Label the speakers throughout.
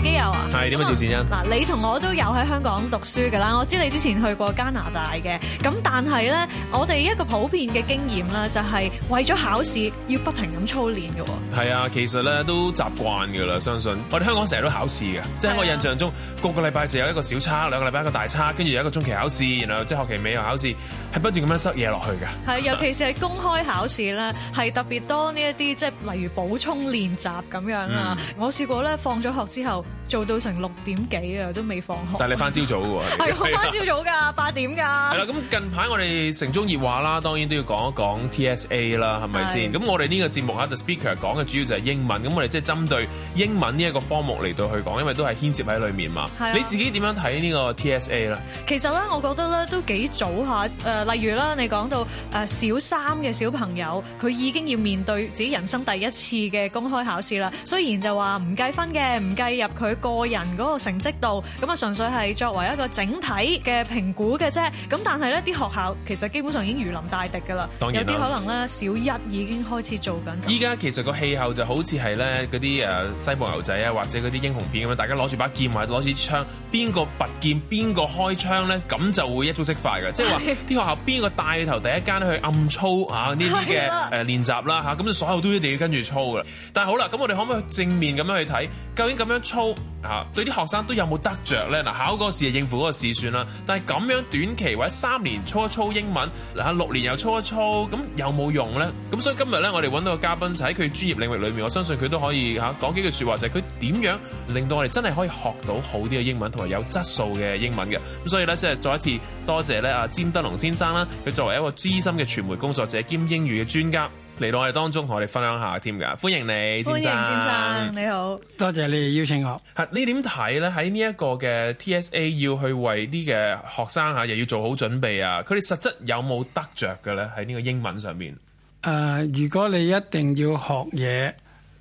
Speaker 1: 機友啊，
Speaker 2: 係點樣啊？趙善欣嗱，
Speaker 1: 你同我都有喺香港讀書㗎啦。我知你之前去過加拿大嘅，咁但係咧，我哋一個普遍嘅經驗咧，就係為咗考試要不停咁操練嘅
Speaker 2: 喎、哦。係啊、嗯，其實咧都習慣㗎啦。相信我哋香港成日都考試嘅，即、就、係、是、我印象中，嗯、個個禮拜就有一個小測，兩個禮拜一個大測，跟住有一個中期考試，然後即係學期尾又考試，係不斷咁樣塞嘢落去㗎。係， 尤其
Speaker 1: 是係公開考試咧，係特別多呢一啲，即係例如補充練習咁樣啊。嗯、我試過咧放咗學之後。做到成六點幾啊，都未放學。但係你返
Speaker 2: 朝早嘅喎，係我返朝早
Speaker 1: 㗎，八點㗎。係啦，
Speaker 2: 咁近排我哋城中熱話啦，當然都要講一講 TSA 啦，係咪先？咁我哋呢個節目啊，The Speaker 講嘅主要就係英文，咁我哋即係針對英文呢一個科目嚟到去講，因為都係牽涉喺裡面嘛。係啊，你自己點樣睇呢個 TSA 咧？
Speaker 1: 其實咧，我覺得咧都幾早吓。誒，例如啦，你講到誒小三嘅小朋友，佢已經要面對自己人生第一次嘅公開考試啦。雖然就話唔計分嘅，唔計入佢。個人嗰個成績度，咁啊純粹係作為一個整體嘅評估嘅啫。咁但係咧，啲學校其實基本上已經如臨大敵㗎啦。當然有啲可能咧，小一已經開始做緊。依
Speaker 2: 家其實個氣候就好似係咧嗰啲誒西部牛仔啊，或者嗰啲英雄片咁樣，大家攞住把劍，或攞住槍，邊個拔劍邊個開槍咧，咁就會一觸即發嘅。的即係話啲學校邊個帶頭第一間去暗操啊呢啲嘅誒練習啦嚇，咁就的、啊、所有都一定要跟住操㗎啦。但係好啦，咁我哋可唔可以正面咁樣去睇，究竟咁樣操？啊，對啲學生都有冇得着呢？嗱，考嗰個試就應付嗰個試算啦。但係咁樣短期或者三年初一初英文，嗱六年又初一初，咁有冇用呢？咁所以今日呢，我哋揾到個嘉賓就喺佢專業領域裏面，我相信佢都可以嚇講幾句説話，就係佢點樣令到我哋真係可以學到好啲嘅英文同埋有質素嘅英文嘅。咁所以呢，即係再一次多謝呢、啊，啊詹德隆先生啦，佢作為一個資深嘅傳媒工作者兼英語嘅專家，嚟到我哋當中，同我哋分享下添㗎，歡迎你，詹生。歡迎詹生，你好，多謝你邀請我。嚇，你點睇咧？喺呢一個嘅 TSA 要去為啲嘅學生嚇，又要做好準備啊！佢哋實質有冇得着嘅咧？喺呢個英文上面。誒、
Speaker 3: 呃，如果你一定要學嘢，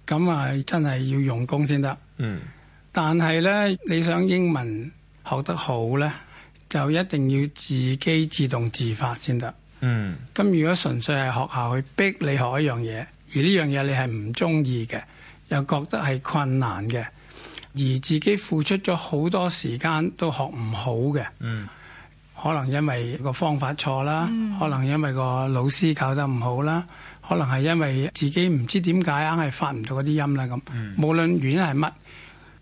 Speaker 3: 咁啊，真係要用功先得。嗯。但係咧，你想英文學得好咧，就一定要自己自動自發先得。嗯，咁如果純粹係學校去逼你學一樣嘢，而呢樣嘢你係唔中意嘅，又覺得係困難嘅，而自己付出咗好多時間都學唔好嘅，
Speaker 2: 嗯，
Speaker 3: 可能因為個方法錯啦，嗯，可能因為個老師教得唔好啦，可能係因為自己唔知點解硬係發唔到嗰啲音啦咁，嗯，無論原因係乜，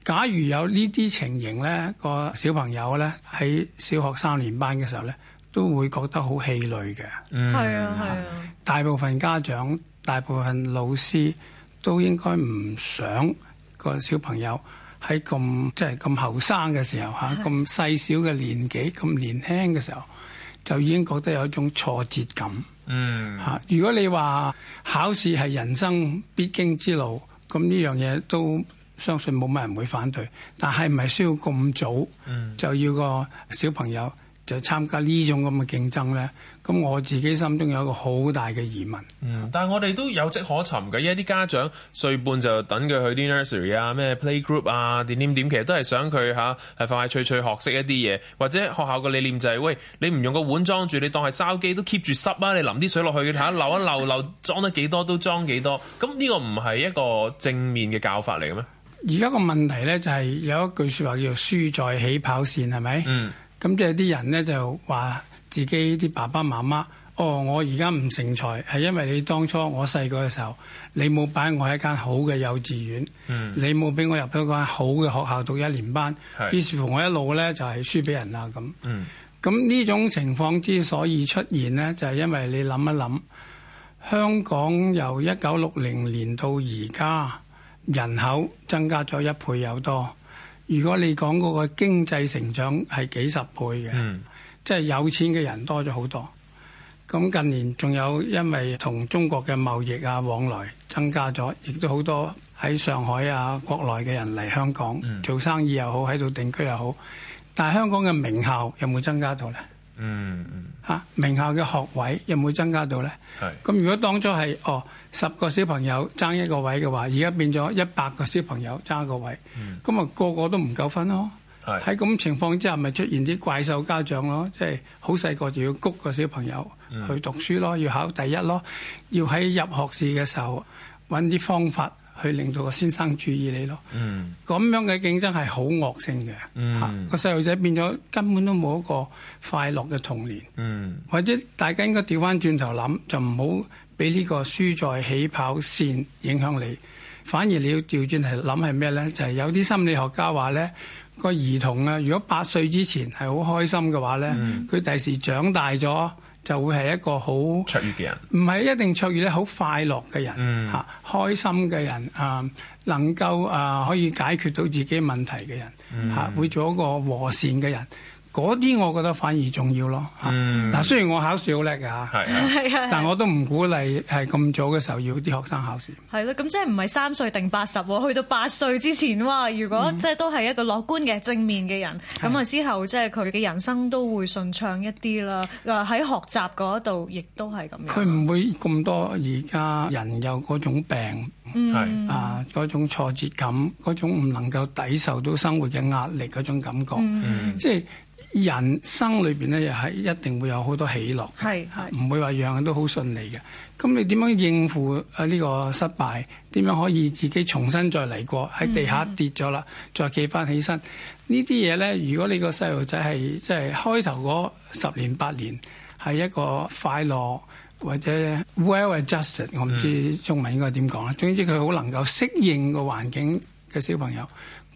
Speaker 3: 假如有呢啲情形呢，個小朋友呢，喺小學三年班嘅時候呢。都會覺得好氣餒嘅，係、嗯、啊係啊，啊！大部分家長、大部分老師都應該唔想個小朋友喺咁即係咁後生嘅時候嚇，咁、啊、細係啊小嘅年紀、咁年輕嘅時候，就已經覺得有一種挫折感。嗯嚇、啊，如果你話考試係人生必經之路，咁呢樣嘢都相信冇乜人會反對，但係唔係需要咁早，就要個小朋友，就參加呢種咁嘅競爭咧，咁我自己心中有一個好大嘅疑問。嗯，
Speaker 2: 但係我哋都有跡可尋嘅，一啲家長歲半就等佢去啲 nursery 啊、咩 playgroup 啊、點點點，其實都係想佢嚇快快脆脆學識一啲嘢，或者學校嘅理念就係、是、喂，你唔用個碗裝住，你當係筲箕都 keep 住濕啊，你淋啲水落去嚇，漏一漏，漏裝得幾多都裝幾多。咁呢個唔係一個正面嘅教法嚟嘅咩？
Speaker 3: 而家個問題咧就係、是、有一句説話叫做輸在起跑線，係咪？嗯。咁即係啲人咧就話自己啲爸爸媽媽哦，我而家唔成才係因為你當初我細個嘅時候，你冇擺我喺一間好嘅幼稚園，嗯，你冇俾我入到一間好嘅學校讀一年班，於是乎我一路咧就係輸畀人啦咁。咁，嗯，呢種情況之所以出現咧，就係、是、因為你諗一諗，香港由一九六零年到而家，人口增加咗一倍有多。如果你講嗰個經濟成長係幾十倍嘅，mm. 即係有錢嘅人多咗好多。咁近年仲有因為同中國嘅貿易啊往來增加咗，亦都好多喺上海啊國內嘅人嚟香港、mm. 做生意又好，喺度定居又好。但係香港嘅名校有冇增加到呢？嗯嗯，嚇，名校嘅學位有冇增加到呢？係是，咁如果當初係哦十個小朋友爭一個位嘅話，而家變咗一百個小朋友爭一個位，咁啊、嗯、個個都唔夠分咯。喺咁是情況之下，咪出現啲怪獸家長咯，即係好細個就要谷個小朋友去讀書咯，要考第一咯，要喺入學試嘅時候。搵啲方法去令到個先生注意你咯，咁、mm. 樣嘅競爭係好惡性嘅，個細路仔變咗根本都冇一個快樂嘅童年，mm. 或者大家應該調返轉頭諗，就唔好俾呢個輸在起跑線影響你，反而你要調轉嚟諗係咩咧？就係、係、有啲心理學家話咧，個兒童啊，如果八歲之前係好開心嘅話咧，佢第時長大咗。就會係一個好卓越嘅人，唔係一定卓越咧，好快樂嘅人，吓、嗯、開心嘅人，啊、呃，能夠啊、呃、可以解決到自己問題嘅人，吓、嗯、會做一個和善嘅人。嗰啲我覺得反而重要咯嚇，嗱、嗯、雖然我考試好叻㗎，但我都唔鼓勵係咁早嘅時候要啲學生考試。
Speaker 1: 係咯，咁即係唔係三歲定八十喎？去到八歲之前，嘩如果即係都係一個樂觀嘅正面嘅人，咁啊、嗯、之後即係佢嘅人生都會順暢一啲啦。啊喺學習嗰度亦都係咁樣。佢唔
Speaker 3: 會咁多而家人有嗰種病，係、嗯、啊嗰種挫折感，嗰種唔能夠抵受到生活嘅壓力嗰種感覺，嗯嗯、即係。人生裏邊咧，又係一定會有好多起落，唔會話樣樣都好順利嘅。咁你點樣應付啊？呢個失敗，點樣可以自己重新再嚟過？喺地下跌咗啦，嗯、再企返起身。呢啲嘢咧，如果你個細路仔係即係開頭嗰十年八年係一個快樂或者 well adjusted，我唔知中文應該點講啦。嗯、總之佢好能夠適應個環境嘅小朋友。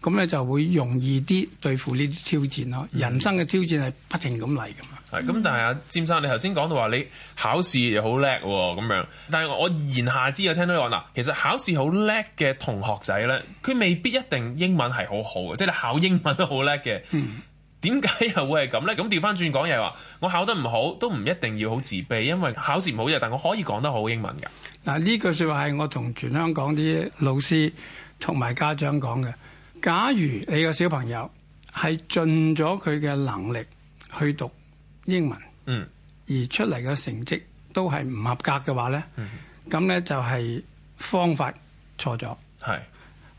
Speaker 3: 咁你就會容易啲對付呢啲挑戰咯。人生嘅挑戰係不停咁嚟噶
Speaker 2: 嘛、嗯嗯。係咁，但係阿佔生，你頭先講到話你考試又好叻喎咁樣，但係我言下之意聽到你話嗱，其實考試好叻嘅同學仔咧，佢未必一定英文係好好嘅，即係你考英文都好叻嘅。點解、嗯、又會係咁咧？咁調翻轉講，又係話，我考得唔好都唔一定要好自卑，因為考試唔好嘢，但我可以講得好英文㗎。
Speaker 3: 嗱呢句説話係我同全香港啲老師同埋家長講嘅。假如你個小朋友係盡咗佢嘅能力去讀英文，嗯，而出嚟嘅成績都係唔合格嘅話咧，嗯，咁咧就係方法錯咗，係是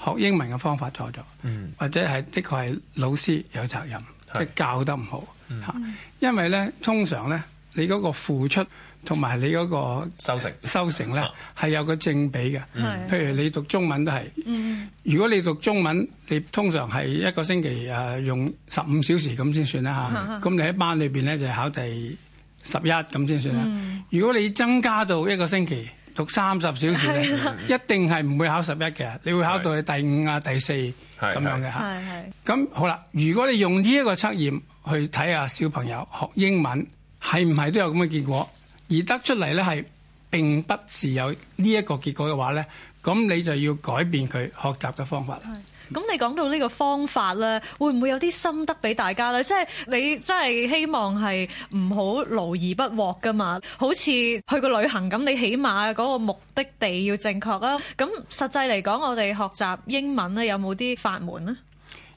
Speaker 3: 學英文嘅方法錯咗，嗯，或者係的確係老師有責任，是即教得唔好，
Speaker 2: 吓、嗯，
Speaker 3: 因為咧通常咧。你嗰個付出同埋你嗰個收成收成咧，係有個正比嘅。譬如你讀中文都係，如果你讀中文，你通常係一個星期誒用十五小時，咁先算啦嚇。咁你喺班裏邊咧就考第十一，咁先算啦。如果你增加到一個星期讀三十小時咧，一定係唔會考十一嘅，你會考到係第五啊、第四咁樣嘅嚇。咁好啦，如果你用呢一個測驗去睇下小朋友學英文。係唔係都有咁嘅結果？而得出嚟呢係，並不是有呢一個結果嘅話呢，咁你就要改變佢學習嘅方法啦。
Speaker 1: 咁你講到呢個方法呢，會唔會有啲心得俾大家呢？即係你真係希望係唔好勞而不獲噶嘛？好似去個旅行咁，你起碼嗰個目的地要正確啊。咁實際嚟講，我哋學習英文呢，有冇啲法門
Speaker 3: 呢？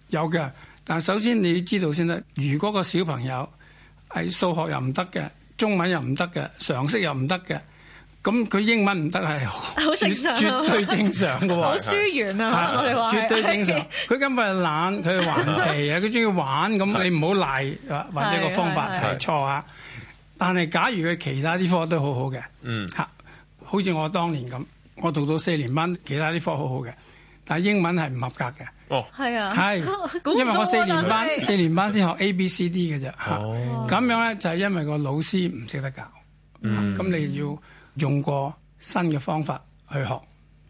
Speaker 3: 有嘅，但首先你知道先啦，如果個小朋友，係數學又唔得嘅，中文又唔得嘅，常識又唔得嘅，咁佢英文唔得係，絕，好正常啊、絕對正常嘅喎，好疏遠啊，我哋話絕對正常。佢根本係懶，佢是是 係頑皮啊，佢中意玩咁，你唔好賴或者個方法係錯啊。但係假如佢其他啲科都好好嘅，嗯，嚇，好似我當年咁，我讀到四年班，其他啲科好好嘅。但係英文係唔合格嘅，係、
Speaker 1: oh. 啊，係、 啊、因為我四年班是四年
Speaker 3: 班先學 A B C D 嘅啫，咁、oh. 樣咧就係因為個老師唔識得教，咁、mm. 你要用過新嘅方法去學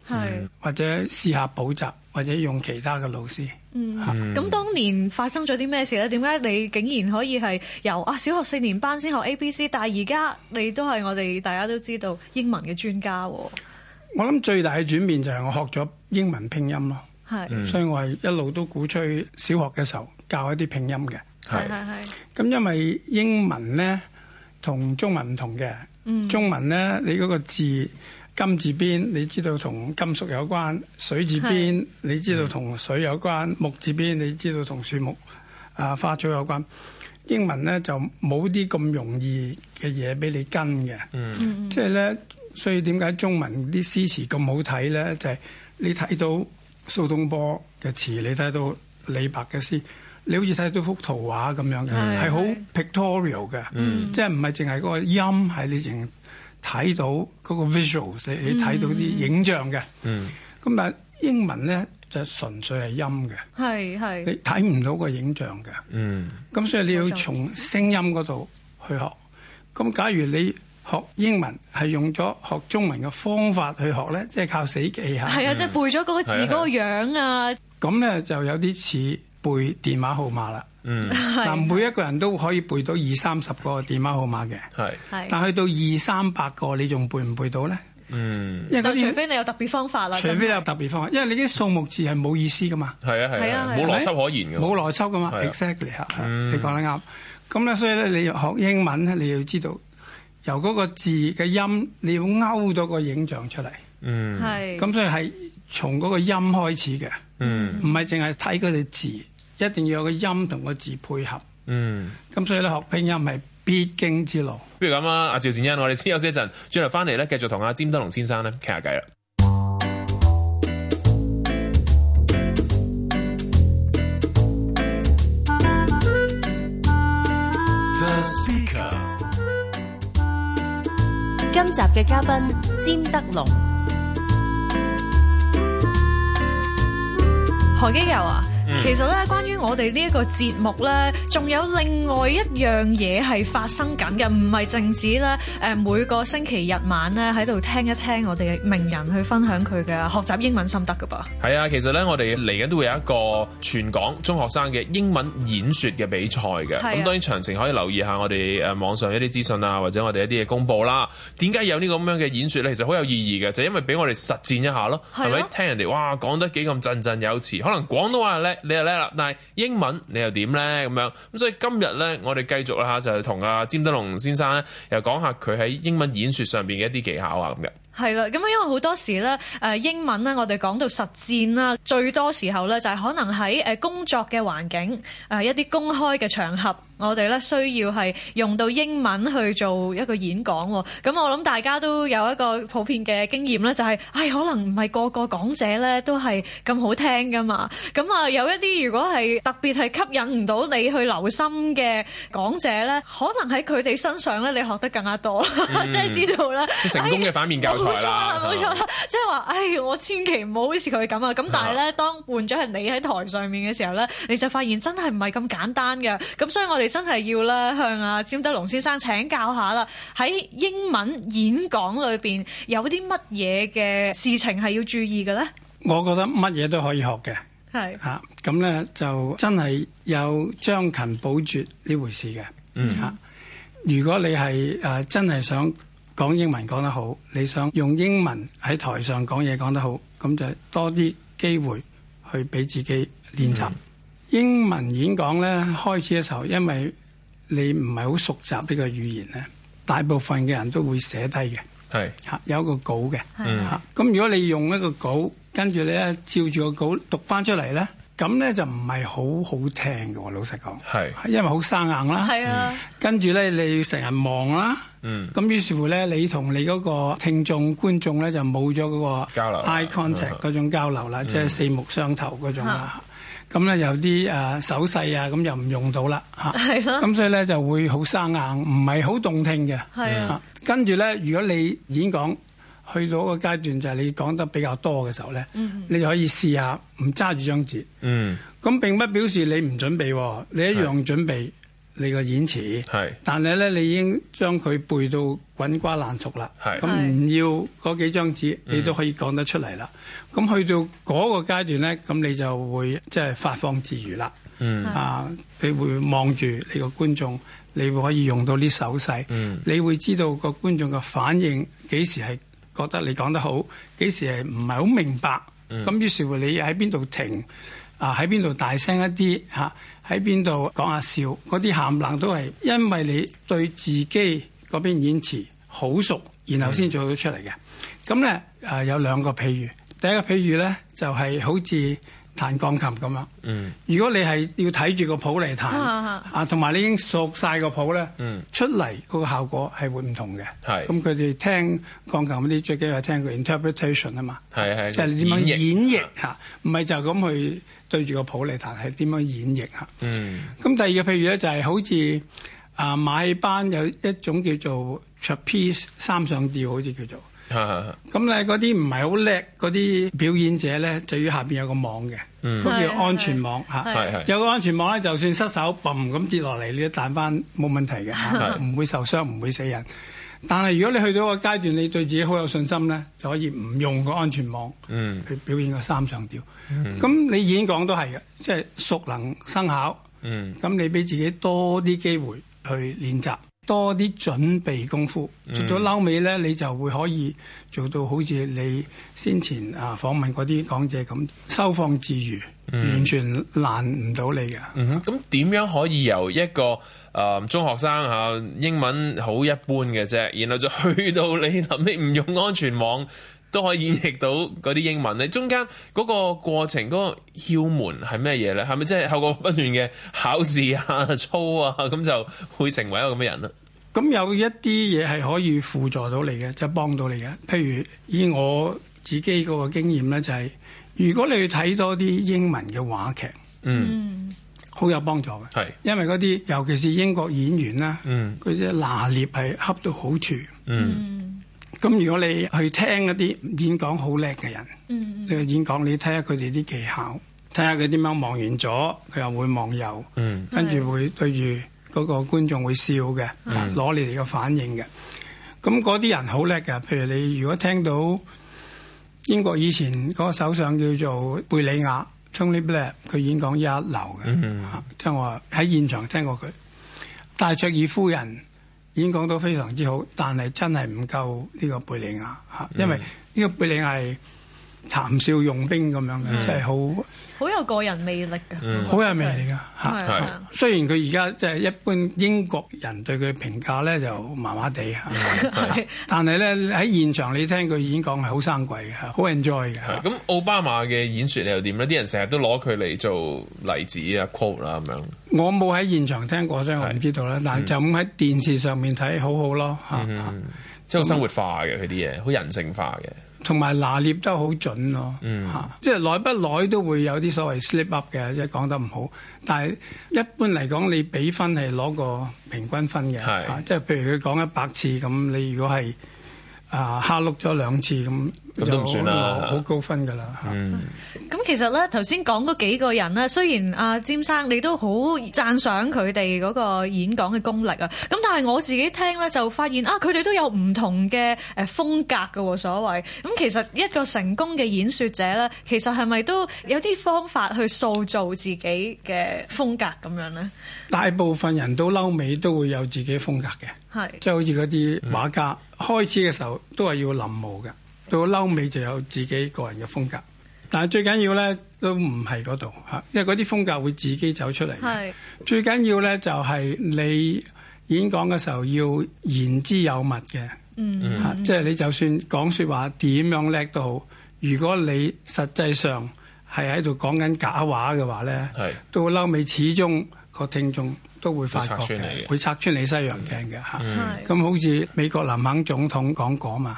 Speaker 3: ，mm. 或者試下補習，或者用其他嘅老師。
Speaker 1: 咁、mm. 是當年發生咗啲咩事咧？點解你竟然可以係由啊小學四年班先學 A B C，但係而家你都係我哋大家都知道英文嘅專家喎？
Speaker 3: 我諗最大嘅轉變就係我學咗英文拼音咯，是所以我係一路都鼓吹小學嘅時候教一啲拼音嘅。係係係。咁因為英文咧同中文唔同嘅，嗯、中文咧你嗰個字金字邊，你知道同金屬有關；水字邊，是你知道同水有關；嗯、木字邊，你知道同樹木啊花草有關。英文咧就冇啲咁容易嘅嘢俾你跟嘅，即係咧。嗯所以點解中文啲詩詞咁好睇咧？就係、是、你睇到蘇東坡嘅詞，你睇到李白嘅詩，你好似睇到幅圖畫咁樣嘅，係好、mm. pictorial 嘅，mm. 即係唔係淨係嗰個音，係你淨睇到嗰個 visual，你睇到啲影像嘅。咁、mm. 但係英文咧就純粹係音嘅，
Speaker 1: 係係、mm. 你
Speaker 3: 睇唔到個影像嘅。咁、mm. 所以你要從聲音嗰度去學。咁假如你學英文係用咗學中文嘅方法去學咧，即係靠死記吓。係啊，即係
Speaker 1: 背咗嗰個字嗰個樣啊。
Speaker 3: 咁咧就有啲似背電話號碼啦。嗯，嗱，每一個人都可以背到二三十個電話號碼嘅。係，但去到二三百個，你仲背唔背到咧？嗯，就除非
Speaker 1: 你有特別方法啦。除非
Speaker 3: 你有特別方法，因為你啲數目字係冇意思噶嘛。係啊係。啊冇邏輯可言嘅，冇邏輯噶嘛。Exactly 啊，你講得啱。咁咧，所以咧，你要學英文咧，你要知道。由嗰個字嘅音，你要勾到個影像出嚟。嗯，係。咁所以係從嗰個音開始嘅。嗯，唔係淨係睇嗰啲字，一定要有個音同個字配合。嗯。咁所以咧，學拼音係必經之路。
Speaker 2: 不如咁啊，阿趙善欣，我哋先休息一陣，轉頭翻嚟咧，繼續同阿詹德隆先生咧傾下偈啦。
Speaker 1: 今集嘅嘉賓詹德隆，何基佑啊？嗯、其實咧，關於我哋呢一個節目咧，仲有另外一樣嘢係發生緊嘅，唔係淨止咧，誒，每個星期日晚咧喺度聽一聽我哋嘅名人去分享佢嘅學習英文心得噶噃。
Speaker 2: 係啊、嗯，其實咧，我哋嚟緊都會有一個全港中學生嘅英文演說嘅比賽嘅。咁、啊、當然，詳情可以留意下我哋誒網上一啲資訊啊，或者我哋一啲嘅公布啦。點解有呢個咁樣嘅演說咧？其實好有意義嘅，就是、因為俾我哋實戰一下咯，係咪？啊、聽人哋哇，講得幾咁振振有詞，可能廣東話又你又叻啦，但係英文你又點呢？咁樣？咁所以今日呢，我哋繼續啦嚇，就係同阿詹德隆先生又講下佢喺英文演說上邊嘅一啲技巧啊咁樣。
Speaker 1: 係啦，咁啊，因為好多時咧，誒，英文咧，我哋講到實戰啦，最多時候咧，就係可能喺誒工作嘅環境，誒，一啲公開嘅場合，我哋咧需要係用到英文去做一個演講。咁我諗大家都有一個普遍嘅經驗咧，就係，唉，可能唔係個個講者咧都係咁好聽㗎嘛。咁啊，有一啲如果係特別係吸引唔到你去留心嘅講者咧，可能喺佢哋身上咧，你學得更加多，即係知道咧。成功
Speaker 2: 嘅反面教材。冇
Speaker 1: 錯啦，冇錯啦，即係話，哎、就是，我千祈唔好好似佢咁啊！咁但係咧，當換咗係你喺台上面嘅時候咧，你就發現真係唔係咁簡單嘅。咁所以我哋真係要咧向阿、啊、詹德隆先生請教下啦。喺英文演講裏邊有啲乜嘢嘅事情係要注意嘅咧？
Speaker 3: 我覺得乜嘢都可以學嘅，係吓咁咧就真係有將勤補拙呢回事嘅。嗯吓、啊，如果你係誒、啊、真係想。講英文講得好，你想用英文喺台上講嘢講得好，咁就多啲機會去俾自己練習。英文演講呢，開始嘅時候，因為你唔係好熟習呢個語言呢，大部分嘅人都會寫低嘅。有個稿嘅。咁如果你用一個稿，跟住你照住個稿讀返出嚟呢，mm. 咁咧就唔係好好聽嘅，老實講。係，因為好生硬啦。係啊。跟住咧，你成日望啦。嗯。咁於是乎咧，你同你嗰個聽眾、觀眾咧就冇咗嗰個交流、eye contact 嗰種交流啦，即係四目相投嗰種啦。咁咧有啲誒手勢啊，咁又唔用到啦嚇。係咯。咁所以咧就會好生硬，唔係好動聽嘅。係啊。跟住咧，如果你演講，去到個階段，就係、是、你講得比較多嘅時候呢，mm hmm. 你就可以試下唔揸住張紙。咁、mm hmm. 並不表示你唔準備、哦，你一樣準備你個演詞。Mm hmm. 但係呢，你已經將佢背到滾瓜爛熟啦。咁唔、mm hmm. 要嗰幾張紙，mm hmm. 你都可以講得出嚟啦。咁去到嗰個階段呢，咁你就會即係發放自如啦。Mm hmm. 啊，你會望住你個觀眾，你會可以用到啲手勢，mm hmm. 你會知道個觀眾嘅反應幾時係覺得你講得好，幾時係唔係好明白？咁、嗯、於是乎，你喺邊度停？啊，喺邊度大聲一啲？吓，喺邊度講下笑？嗰啲喊冷都係因為你對自己嗰邊演詞好熟，然後先做到出嚟嘅。咁咧、嗯，誒有兩個譬如，第一個譬如咧就係好似。彈鋼琴咁樣，如果你係要睇住個譜嚟彈，啊，同埋你已經索晒個譜咧，出嚟嗰個效果係會唔同嘅。係，咁佢哋聽鋼琴嗰啲最緊要係聽個 interpretation 啊嘛，即係點樣演繹嚇，唔係就咁去對住個譜嚟彈，係點樣演繹嚇。嗯。咁第二個譬如咧，就係好似啊馬戲班有一種叫做 trapeze 三上吊，好似叫做，咁咧嗰啲唔係好叻嗰啲表演者咧，就要下邊有個網嘅。嗯，叫安全網嚇，有個安全網咧，就算失手，冚咁跌落嚟，你都彈返冇問題嘅嚇，唔是是 會受傷，唔會死人。但係如果你去到個階段，你對自己好有信心咧，就可以唔用個安全網，嗯，去表演個三上吊。咁、嗯、你演講都係嘅，即、就、係、是、熟能生巧。嗯，咁你俾自己多啲機會去練習。多啲準備功夫，做、嗯、到撈尾呢，你就會可以做到好似你先前啊訪問嗰啲講者咁收放自如，嗯、完全難唔到你嘅。咁
Speaker 2: 點、嗯、樣可以由一個誒、呃、中學生嚇、啊、英文好一般嘅啫，然後就去到你諗起唔用安全網？都可以演譯到嗰啲英文咧，中間嗰個過程嗰個竅門係咩嘢咧？係咪即係後果不斷嘅考試啊、操啊，咁就會成為一個咁嘅人啦？
Speaker 3: 咁有一啲嘢係可以輔助到你嘅，即係幫到你嘅。譬如以我自己嗰個經驗咧，就係如果你去睇多啲英文嘅話劇，嗯，好有幫助嘅，係因為嗰啲尤其是英國演員咧，嗯，嗰啲拿捏係恰到好處，嗯。嗯。咁如果你去聽一啲演講好叻嘅人，嗯，嘅演講，你睇下佢哋啲技巧，睇下佢點樣望完咗佢又會望右，嗯，跟住會對住個觀眾會笑嘅，攞你哋嘅反應嘅。咁啲、嗯、人好叻嘅，譬如你如果聽到英國以前個首相叫做貝理雅 Tony Blair，佢演講一流嘅，嗯嗯嗯嗯、聽我話，喺現場聽過佢，戴卓爾夫人。演講都非常之好，但係真係唔夠呢個貝理雅嚇，嗯、因為呢個貝理雅係談笑用兵咁樣嘅，即係好
Speaker 1: 好有個人魅力
Speaker 3: 嘅，好、嗯、有魅力㗎嚇。雖然佢而家即係一般英國人對佢評價咧就麻麻地嚇，嗯、但係咧喺現場你聽佢演講係好生貴嘅，好 enjoy
Speaker 2: 嘅。咁奧巴馬嘅演説你又點咧？啲人成日都攞佢嚟做例子啊、quote 啦咁樣。
Speaker 3: 我冇喺現場聽過，所以我唔知道啦。是但就咁喺電視上面睇，好、嗯、好咯嚇。嗯、即
Speaker 2: 係生活化嘅佢啲嘢，好、嗯、人性化嘅。
Speaker 3: 同埋拿捏得好準咯嚇，嗯、即係耐不耐都會有啲所謂 slip up 嘅，即係講得唔好。但係一般嚟講，你比分係攞個平均分嘅嚇是、啊，即係譬如佢講一百次咁，你如果係啊蝦碌咗兩次咁。咁都算啦，好高分噶啦。嗯，
Speaker 1: 咁其實咧，頭先講嗰幾個人咧，雖然阿、啊、詹生你都好讚賞佢哋嗰個演講嘅功力啊，咁但係我自己聽咧就發現啊，佢哋都有唔同嘅誒風格噶所謂。咁、嗯、其實一個成功嘅演說者咧，其實係咪都有啲方法去塑造自己嘅風格咁樣呢？
Speaker 3: 大部分人都嬲尾都會有自己風格嘅，係即係好似嗰啲畫家、嗯、開始嘅時候都係要臨摹嘅。到嬲尾就有自己個人嘅風格，但係最緊要呢都唔係嗰度嚇，因為嗰啲風格會自己走出嚟。係是最緊要呢就係、是、你演講嘅時候要言之有物嘅，嚇、嗯啊，即係你就算講説話點樣叻都好，如果你實際上係喺度講緊假話嘅話呢，係是到嬲尾，始終個聽眾都會發覺嘅，會拆，會拆穿你西洋鏡嘅嚇。咁、啊，好似、嗯嗯、美國林肯總統講過嘛。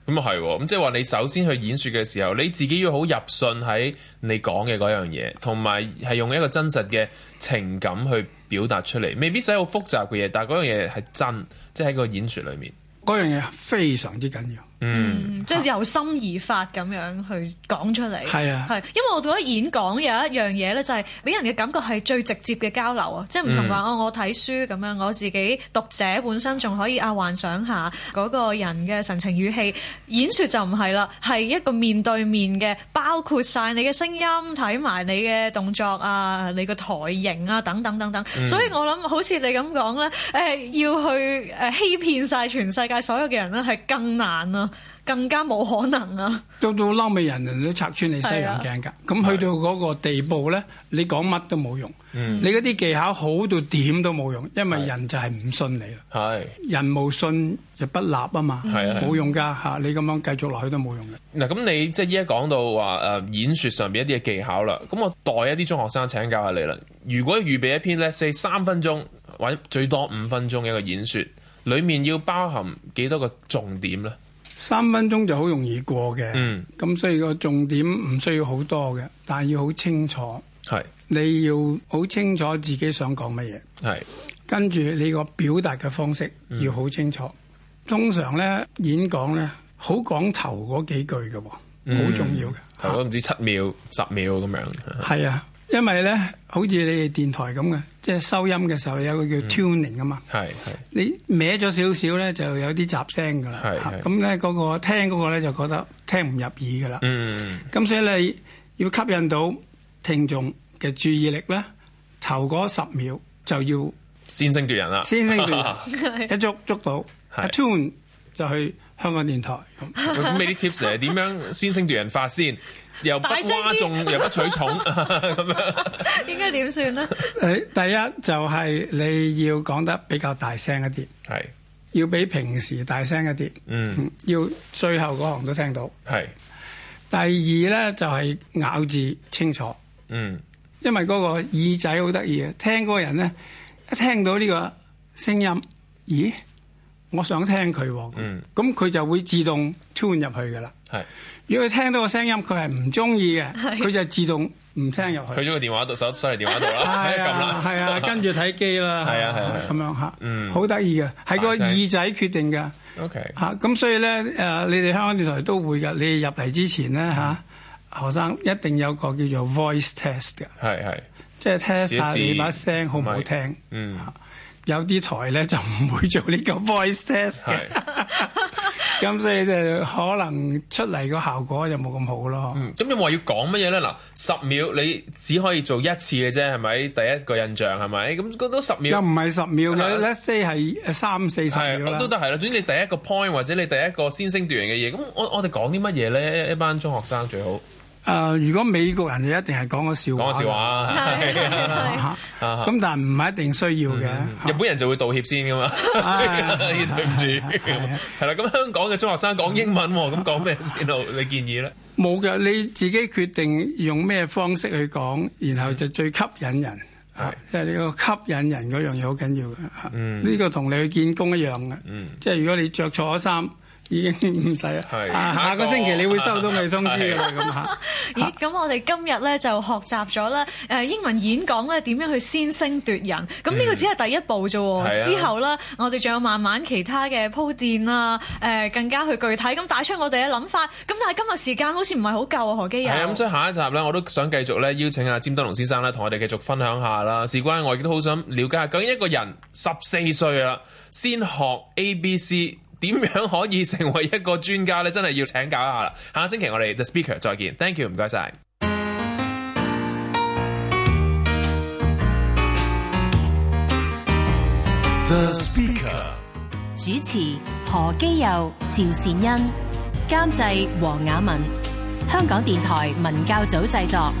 Speaker 2: 咁係，咁即係話你首先去演說嘅時候，你自己要好入信喺你講嘅嗰樣嘢，同埋係用一個真實嘅情感去表達出嚟，未必使好複雜嘅嘢，但係嗰樣嘢係真，即係喺個演說裏面，
Speaker 3: 嗰樣嘢非常之緊要。
Speaker 1: 嗯，即係由心而發咁樣去講出嚟，係是啊，係，因為我覺得演講有一樣嘢咧，就係俾人嘅感覺係最直接嘅交流啊，即係唔同話、嗯、哦，我睇書咁樣，我自己讀者本身仲可以啊幻想下嗰個人嘅神情語氣，演說就唔係啦，係一個面對面嘅，包括晒你嘅聲音，睇埋你嘅動作啊，你個台型啊，等等等等，所以我諗好似你咁講咧，誒、呃，要去誒欺騙晒全世界所有嘅人咧，係更難咯。更加冇可能啊！
Speaker 3: 到到嬲尾人人都拆穿你西洋鏡噶，咁去是、啊、到嗰個地步咧，你講乜都冇用。嗯、你嗰啲技巧好到點都冇用，因為人就係唔信你啦。係是、啊、人無信就不立啊嘛，係是啊，冇、啊啊、用噶吓。你咁樣繼續落去都冇用嘅
Speaker 2: 嗱。咁你即係依家講到話誒演說上邊一啲嘅技巧啦，咁我代一啲中學生請教下你啦。如果預備一篇咧四三分鐘或者最多五分鐘嘅一個演說，裏面要包含幾多個重點咧？
Speaker 3: 三分鐘就好容易過嘅，咁、嗯、所以個重點唔需要好多嘅，但要好清楚。係是，你要好清楚自己想講乜嘢。
Speaker 2: 係是，
Speaker 3: 跟住你個表達嘅方式要好清楚。嗯、通常咧演講咧，好講頭嗰幾句嘅喎，
Speaker 2: 好、嗯、重要嘅。頭都唔知七秒 十秒咁樣。係 啊。
Speaker 3: 因為咧，好似你哋電台咁嘅，即係收音嘅時候有個叫 tuning 噶嘛，嗯、你歪咗少少咧，就有啲雜聲噶啦，咁咧，嗰個聽嗰個咧就覺得聽唔入耳噶啦，咁、嗯、所以你要吸引到聽眾嘅注意力咧，頭嗰十秒就要
Speaker 2: 先聲奪人啦，先聲奪人，
Speaker 3: 一捉捉到是，阿 tune 就去香港電台，
Speaker 2: 咁你啲 tips 係點樣先聲奪人法先？ 又不嘩眾，又聲 不取寵，咁
Speaker 1: 樣，應該點算
Speaker 3: 咧？誒，第一就係、是、你要講得比較大聲一啲，係是要比平時大聲一啲，嗯，要最後嗰行都聽到，係是。第二咧就係、是、咬字清楚，嗯，因為嗰個耳仔好得意啊，聽嗰個人咧一聽到呢個聲音，咦，我想聽佢，嗯，咁佢就會自動 tune 入去噶啦，係。如果佢聽到個聲音，佢係唔中意嘅，佢的就自動唔聽入去。
Speaker 2: 去咗個電話度，手手嚟電話度啦，睇啦， 係的啊，跟住睇機啦，係啊，咁樣嚇，好
Speaker 3: 得意嘅，係個耳仔決定嘅，OK 嚇，咁所以咧誒、呃，你哋香港電台都會噶，你入嚟之前咧嚇，啊嗯、何生一定有個叫做 voice test 嘅，係係，即係 test 下你把聲好唔好聽，嗯，啊、有啲台咧就唔會做呢個 voice test 嘅。是的 咁所以就可能出嚟個效果就冇咁好咯。嗯，
Speaker 2: 咁有冇話要講乜嘢咧？嗱，十秒你只可以做一次嘅啫，係咪？第一個印象係咪？咁都十秒又
Speaker 3: 唔係十秒嘅。Let's say 係三四十都
Speaker 2: 得係啦。總之你第一個 point 或者你第一個先聲奪人嘅嘢。咁我我哋講啲乜嘢咧？一班中學生最好。誒，如果美國人就一定係講個笑話，講笑話，咁但
Speaker 3: 係唔係一定需要嘅。
Speaker 2: 日本人就會道歉先噶嘛，要對唔住。係啦，咁香港嘅中學生講英文喎，咁講咩先？你建議咧？
Speaker 3: 冇嘅，你自己決定用咩方式去講，然後就最吸引人。即係呢個吸引人嗰樣嘢好緊要嘅。呢個同你去見工一樣嘅。即係如果你着錯咗衫。 已經唔使啦，啊啊、下個星期你會收到嘅通知。
Speaker 1: 咦，咁我哋今日咧就學習咗咧，誒英文演講咧點樣去先聲奪人？咁呢個只係第一步啫喎，的之後咧我哋仲有慢慢其他嘅鋪墊啦，誒、呃、更加去具體咁打出我哋嘅諗法。咁但係今日時間好似唔係好夠啊，何基佑。啊，咁
Speaker 2: 即係下一集咧，我都想繼續咧邀請阿詹德隆先生咧，同我哋繼續分享下啦，事關我亦都好想了解下究竟一個人十四歲啊，先學 A B C。點樣可以成為一個專家咧？真係要請教一下啦！下星期我哋 The Speaker 再見，Thank you 唔該晒。The Speaker 主持何
Speaker 1: 基佑、趙善恩，監製黃雅文，香港電台文教組製作。